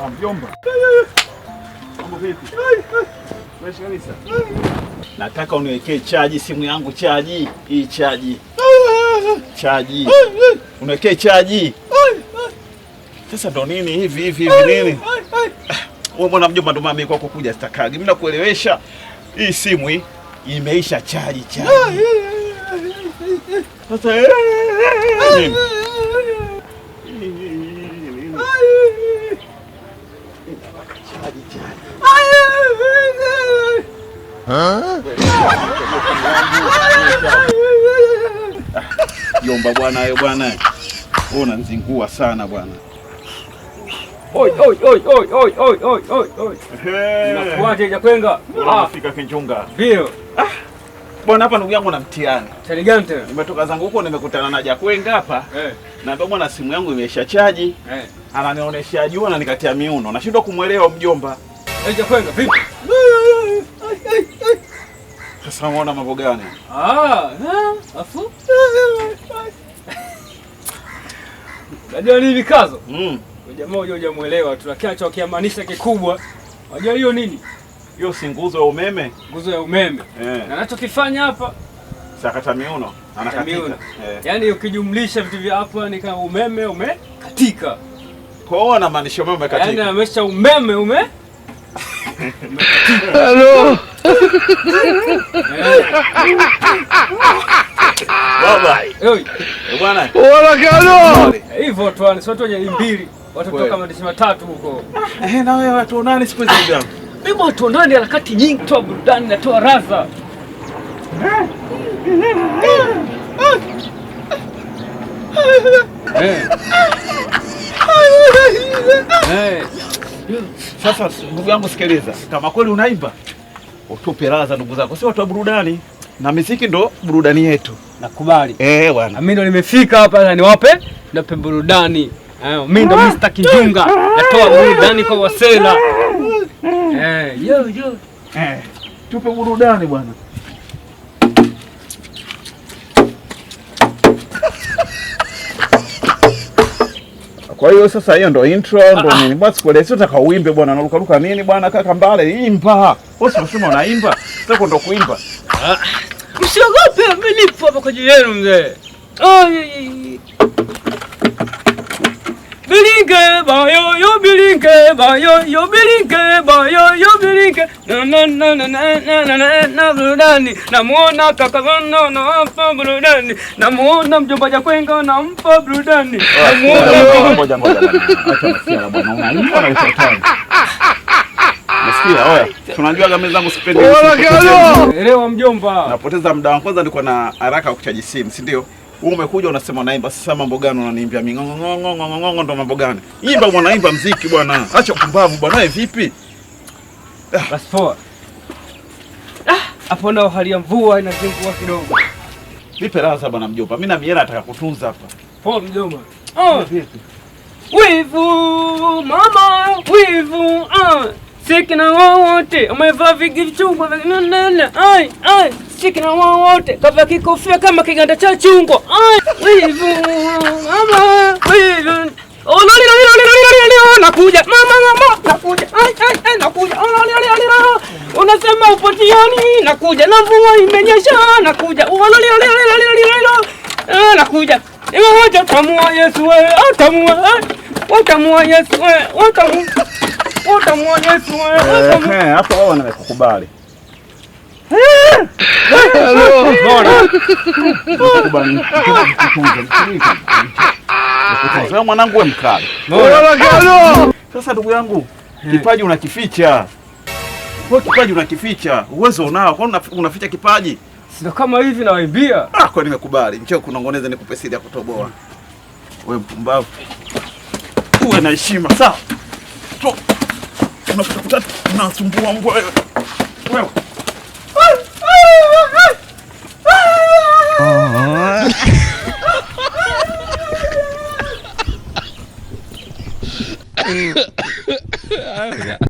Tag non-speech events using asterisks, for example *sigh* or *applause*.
Ah, mjomba. Mambo vipi? kabisa. Nataka uniwekee chaji simu yangu chaji. Hii chaji. Chaji. unawekee chaji. Sasa ndo nini hivi hivi hivi nini? Wewe mbona mjomba ndo mami kwako kuja sitakagi. Mimi nakuelewesha hii simu hii imeisha chaji chaji. Sasa Jomba bwana, ayo bwana, unanizingua sana bwana. Oi, oi, oi, oi, oi, oi, oi, oi, Jakwenga? Ah. Unafika kinjunga. Ndio. Ah. Bwana hapa ndugu yangu na mtihani. Chali gani tena? Nimetoka zangu huko nimekutana na Jakwenga hapa. Eh. Na ndio bwana simu yangu imesha chaji. Eh. Ananionyesha jua na nikatia miuno. Nashindwa kumwelewa mjomba. Eh, Jakwenga vipi? Sasa unaona mambo gani? Ah, eh, afu. Unajua nini kazo? Mm. Jamaa huyo hujamuelewa, tunakiacha wakiamaanisha kikubwa. Unajua hiyo nini? Hiyo si nguzo ya umeme. Nguzo ya umeme. Eh. Na anachokifanya hapa sakata miuno anakatika. Eh. Yaani ukijumlisha vitu vya hapa ni kama umeme umekatika. Kwa hiyo anamaanisha umeme umekatika. Yaani amesha umeme ume. Hello hivyo tu, si watu wenye mbili, watu maandishi matatu huko. Eh, na wewe watu nani siku hizi ndugu Mimi watu nani harakati nyingi tu burudani natoa raha. Sasa ndugu yangu sikiliza, kama kweli unaimba utupe raha za ndugu zako, si watu wa burudani na miziki ndo burudani yetu. Nakubali eh bwana, mimi ndo nimefika hapa na niwape nape burudani. Eh, mimi ndo Mr. Kijunga, natoa burudani kwa wasela. Eh, yo yo, eh, tupe burudani bwana. *laughs* Kwa hiyo sasa hiyo ndo intro ndo ah, ah. nini bwana, sikuelezea utaka uimbe bwana, narukaruka nini bwana, kaka Mbale imba Bosi mshuma unaimba? Sasa ndo kuimba. Msiogope, mimi hapa kwa ajili yenu mzee. Bilinge bayo yo bilinge bayo yo bilinge bayo yo bilinge na na na na na na na na burudani namuona kaka bana na hapa burudani namuona mjomba ja kwenga na mpa burudani namuona ah, moja moja acha basi bwana unaimba na ushetani *laughs* nasikia oya Unajua kama zangu sipendi. Elewa mjomba. Napoteza muda wangu kwanza nilikuwa na haraka kuchaji simu, si ndio? Wewe umekuja unasema naimba, sasa mambo gani unaniimbia mingongo ngongo ngongo ngongo ndo mambo gani? Imba bwana, imba mziki bwana. Acha kumbavu bwana, vipi? Ah. Basi poa. Ah, hapo nao hali ya mvua inazingua kidogo. Vipi raha bwana mjomba. Mimi na miera nataka kutunza hapa. Poa mjomba. Oh. Wivu mama, wivu ah i na wao wote umevaa vigichungwa ai ai, siki na wao wote kava kikofia kama kiganda cha chungwa nakuja unasema upotiani, nakuja na mvua imenyesha, nakuja nakuja imewacha tamua Yesu, watamua Yesu, watamua Utamwona tu Hapo wao wanakukubali. mwanangu, we mkali. Sasa ndugu yangu, kipaji unakificha. Kwa kipaji unakificha, uwezo unao, kwa unaficha kipaji. Sio kama hivi nawaimbia Ah, kwa nimekubali. Mcheo kunongoneza nikupe siri ya kutoboa. Wewe mpumbavu. Uwe na heshima, sawa? napata nasumbua wewe wewe ah. *laughs* Ah. Ah.